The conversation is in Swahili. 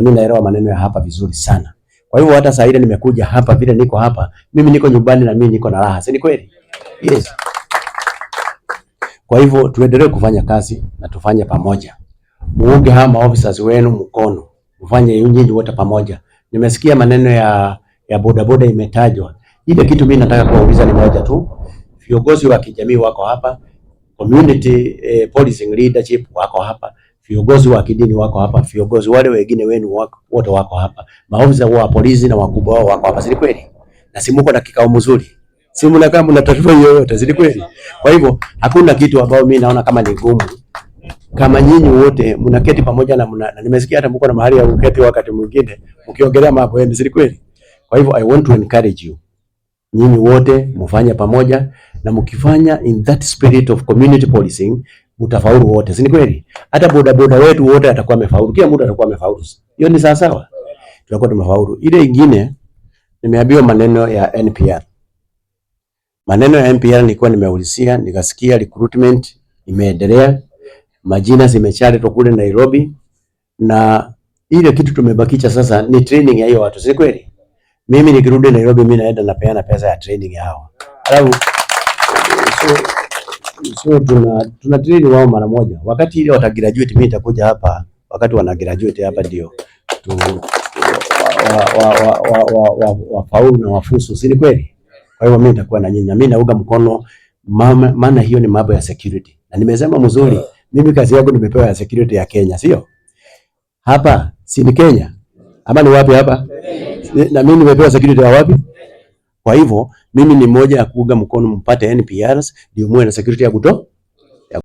na mimi naelewa maneno ya hapa vizuri sana. Kwa hivyo hata saa ile nimekuja hapa vile niko hapa, mimi niko nyumbani na mimi niko na raha. Si ni kweli? Yes. Kwa hivyo tuendelee kufanya kazi na tufanye pamoja. Muunge hawa officers wenu mkono. Mfanye nyinyi wote pamoja. Nimesikia maneno ya ya boda boda imetajwa. Ile kitu mimi nataka kuwauliza ni moja tu. Viongozi wa kijamii wako hapa, community eh, policing leadership wako hapa viongozi wa kidini wako hapa, viongozi wale wengine wenu wako wote wako hapa, maofisa wa polisi na wakubwa wao wako hapa, si kweli? Na si mko na kikao mzuri, si kama mna tatizo yoyote, si kweli? Kwa hivyo hakuna kitu ambacho mimi naona kama ni ngumu kama nyinyi wote mnaketi pamoja na mna, na nimesikia hata mko na mahali ya kuketi wakati mwingine mkiongelea mambo yenu, si kweli? Kwa hivyo I want to encourage you nyinyi wote mfanye pamoja, na mkifanya in that spirit of community policing utafaulu wote, si ni kweli? Hata bodaboda wetu wote atakuwa amefaulu, kila mtu atakuwa amefaulu. Hiyo ni sawa sawa, tutakuwa tumefaulu. Ile ingine nimeambiwa maneno ya NPR, maneno ya NPR nilikuwa nimeulizia, nikasikia recruitment imeendelea, majina zimechatwa kule Nairobi, na ile kitu tumebakisha sasa ni training ya hiyo watu, si kweli? Mimi nikirudi Nairobi, mimi naenda napeana pesa ya training yao, alafu so, so tuna tuna train wao mara moja, wakati ile graduate, mimi nitakuja hapa, wakati wana graduate hapa ndio tu wafaulu na wafusu, si kweli? Kwa hiyo mimi nitakuwa na nyinyi, mimi nauga mkono maana hiyo ni mambo ya security, na nimesema mzuri, mimi kazi yangu nimepewa ya security ya Kenya, sio hapa, si ni Kenya ama ni wapi hapa? Na mimi nimepewa security ya wapi? Kwa hivyo mimi ni moja ya kuunga mkono mpate NPRs ndio muwe na security ya kuto